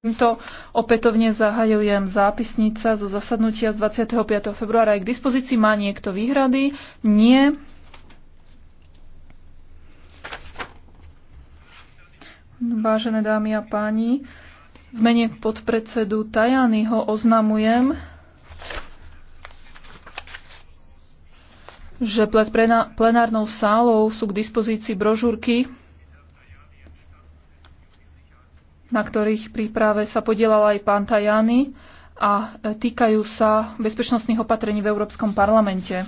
Týmto opätovne zahajujem zápisnica zo zasadnutia z 25. februára. Je k dispozícii má niekto výhrady? Nie. Vážené dámy a páni, v mene podpredsedu Tajany ho oznamujem, že pred plenárnou sálou sú k dispozícii brožúrky na ktorých príprave sa podielal aj pán Tajani a týkajú sa bezpečnostných opatrení v Európskom parlamente.